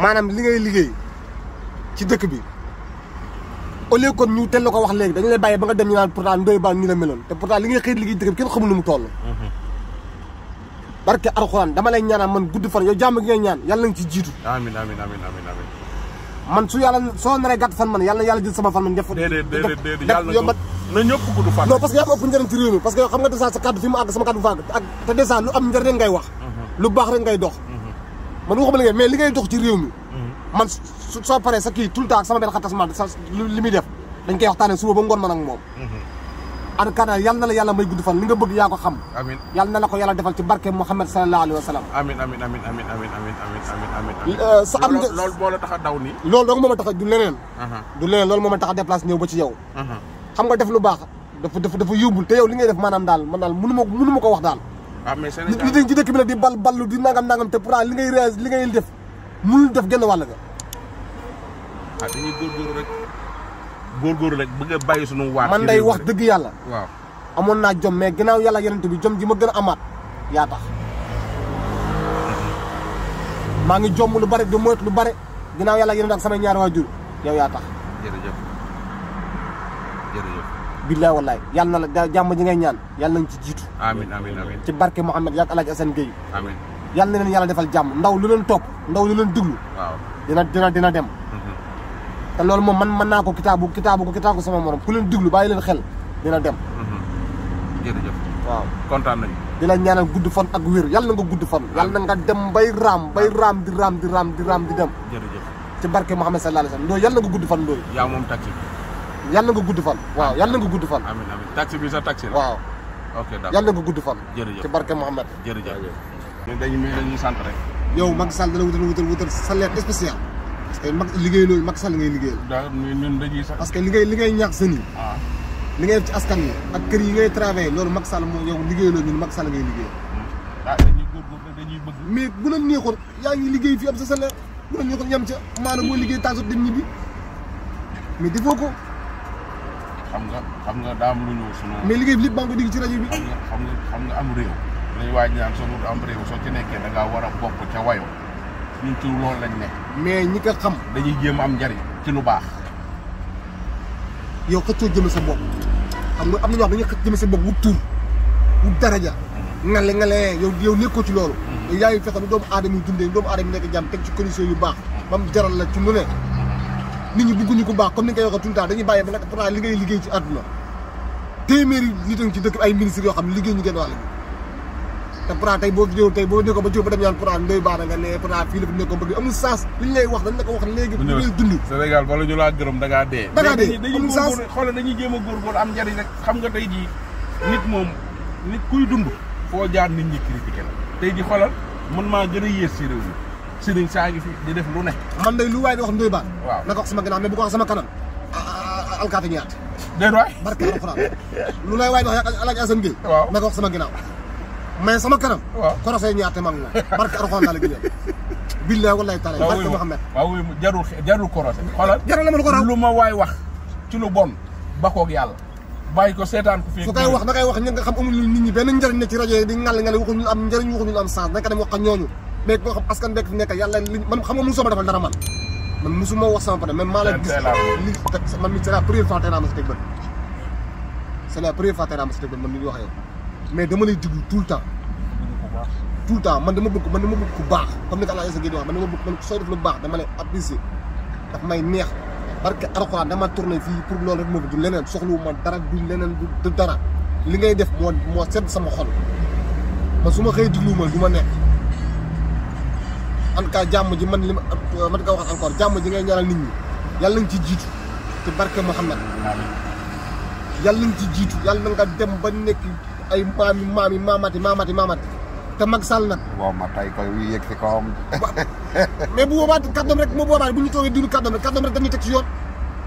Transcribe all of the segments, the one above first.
maanaam li ngay liggéey ci dëkk bi au kon ñu teel ko wax léegi dañu lay bàyyi ba nga dem ñu naan pourtant Ndoye Bane nii la meloon te pourtant li ngay xëy liggéey ci dëkk bi kenn xamul nu mu toll. Mm-hmm. barke alxuraan dama nga ci jiitu. ci réew parce que xam nga déjà sa kàddu fi mu àgg sama kàddu fa àgg te déjà lu am njëriñ ngay wax. Mm-hmm. lu baax rek ngay dox. man waxuma liggéey mais li ngay dox ci réew mi. Mhm. man su soo paree sa kii tout le sama benn xatas man sa li muy def dañ koy waxtaanee suba ba ngoon man ak moom. alkaana mhm. yal na la yàlla may gudd fan li nga bëgg yaa ko xam. amiin yal na la ko yàlla defal ci barke Muhammad sallallahu alayhi wa sallam. amiin amiin amiin amiin amiin euh, nga tax a daw nii. loolu dong tax a a déplacé ñëw ci yow. xam nga def lu baax dafa dafa dafa yóbbul te yow li ngay def maanaam daal man daal mënu ma ma ko wax daal ah mais Sénégal li ci dëkk bi nag di bal ballu di nangam nangam te pourtant li ngay réas li ngay def mënul def genn wàll nga. Ah, man day wax dëgg yàlla. waaw amoon naa jom mais ginaaw yàlla yonent bi jom ji ma gën a amaat yaa tax. maa ngi jom lu bare du moyt lu bare ginnaaw yàlla yonent ak sama ñaari waajur yow yaa billaay wallaay yàlla na la jàmm ji ngay ñaan yàlla nañ ci jiitu amiin amiin amiin ci barke Mouhamed yaag Alaaji Assane Gueye yal yàlla na leen yàlla defal jàmm ndaw lu leen topp ndaw lu leen diglu waaw dina dina dina dem mm-hmm. te loolu moom man mën naa ko kitaabu kitaabu ko kitaabu sama moroom ku leen diglu bàyyi leen xel dina dem mm-hmm. jërëjëf kontaan nañu di la ñaanal gudd fan ak wér yal na nga gudd fan yàlla na nga dem bay raam bay raam di raam di raam di raam di dem jërëjëf ci barke Mouhamed sallallahu alayhi wa yal yàlla nga gudd fan ndooyu yaa moom takki yàlla nga gudd fan. waaw yàlla nga gudd fan. amiin bi sa taxi la. waaw ok d'accord nga gudd fan. jërëjëf sant rek. yow Macky Sall dana wutal wutal wutal salaire spécial. parce que mag liggéey loolu Macky Sall ngay liggéeyal. daa ñun dañuy sant. parce que li ngay li ngay ñaax seen yi. Ah. li ngay def ci askan yi ak kër yi ngay travaillé loolu liggéey loolu ñun Macky ngay liggéeyal. Hmm. Ah, bëgg. mais bu la neexoon yaa ngi liggéey fii am sa salaire bu la neexoon yem ca maanaam moo liggéey tàggat dem ñibbi mais defoo ko xam nga xam nga daam lu ñëw sunu. mais liggéey bi lépp baa ngi ko ci rajo bi. xam nga xam am réew. dañ waaj naan soo am réew soo ci nekkee da ngaa war a bokk ca wayo ñun ci loolu lañ nekk. mais ñi ko xam. dañuy jéem am njariñ ci lu baax. yow xëccoo jëme sa bopp xam am na ñoo xam dañuy xëcc jëme sa bopp wut tur wut daraja. Mm-hmm. ngale ngale yow yow nekkoo ci loolu. Mm-hmm. yow yaa ngi fexe ba doomu aadama yi dundee doomu aadama yi nekk jàmm teg ci condition yu baax. Mm-hmm. ba mu jaral la ci lu ne. nit ñi bëgguñu ku baax comme ni nga koy waxee tout le temps ba nag pourtant li liggéey ci àdduna téeméeri nit a ngi ci dëkk ay ministres yoo xam ne liggéey ñu gën wàll boo ñëw tey boo nekkoon ba jóg ba dem ñaan pourtant ndoy baara nga ne pourtant fii a góorgóorlu am njariñ rek jii nit moom nit kuy dund foo jaar nit ñi critiqué la tey jii xoolal man maa gën a yées si réew mi sëriñ saa ngi fi di def lu ne. man day lu waay di wax Ndoye Bane. waaw na ko wax sama gànnaaw mais bu ko wax sama kanam. alkaati ñaat. déedéet waay barke alxuraan lu lay a di wax Alaaji Asan Gueye. waaw na ko wax sama ginnaaw. mais sama kanam. waaw barke alxuraan laa la waaw wuyu jarul jarul korosee. xoolal jarul la ma lu ko raw lu ma waay wax ci lu bon ba yàlla. bàyyi ko seetaan ko fii su koy wax da koy wax ña nga xam amul nit ñi benn njëriñ ne ci rajo di ngal ngal waxuñu am njëriñ waxuñu am sens naka dem wax ak ñooñu mais boo xam askan nekk fi nekk man xam nga mosuma defal dara man man mosuma wax sama problème même maa la gis li man mi c'est la première fois ma si teg man mi ngi wax mais dama lay diglu tout le temps tout le temps man dama bëgg man dama bëgg ku baax comme ni ko àla sa gé di wax man dama bëgg man sooy def lu baax dama lay fii pour loolu rek moo du leneen soxlu ma dara du leneen du dara li ngay def moo moo sedd sama xol man su ma xëy diglu ma du ma nekk en tout cas jàmm ji man li ma man ko waxat encore jàmm ji ngay ñaanal nit ñi yàlla nga ci jiitu ci barke Muhammad yàlla nga ci jiitu yàlla nga dem ba nekk ay maami maami maamati maamati maamati te Macky Sall nag. waaw a tay koy wuy yegg si kawam. mais bu boobaa kàddoom rek bu boobaa bu ñu toogee diiru kàddoom rek kàddoom rek dañuy teg ci yoon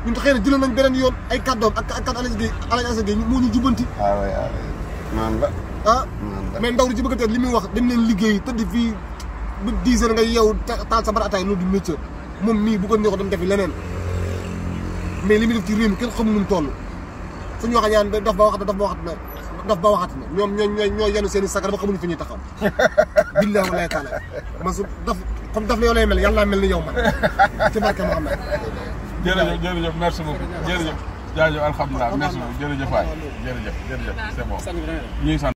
ñun xëy na jëloon nañ beneen yoon ay kàddoom ak ak kàddu Alaaji Gey Alaaji Assane Gey moo ñu jubbanti. waaw waaw waaw noonu la. ah mais ndaw li muy wax dañ leen liggéey tëdd fii. ba 10 nga yeewu taal sa bar ataay du métier moom mii bu ko neexoo dem defi leneen mais li muy def ci réew mi kenn xamu nu fu ba dof ba waxat na dof ba waxat na dof ba waxat na ñoo ñoo ñoo yenu seen i ba xamuñu fi ñu taxaw billahi wallahi taala man su dof comme dof la yow lay mel yàlla mel ni yow man a barke moo xam ne jërëjëf jërëjëf merci beaucoup jërëjëf jaajëf alhamdulilah merci beaucoup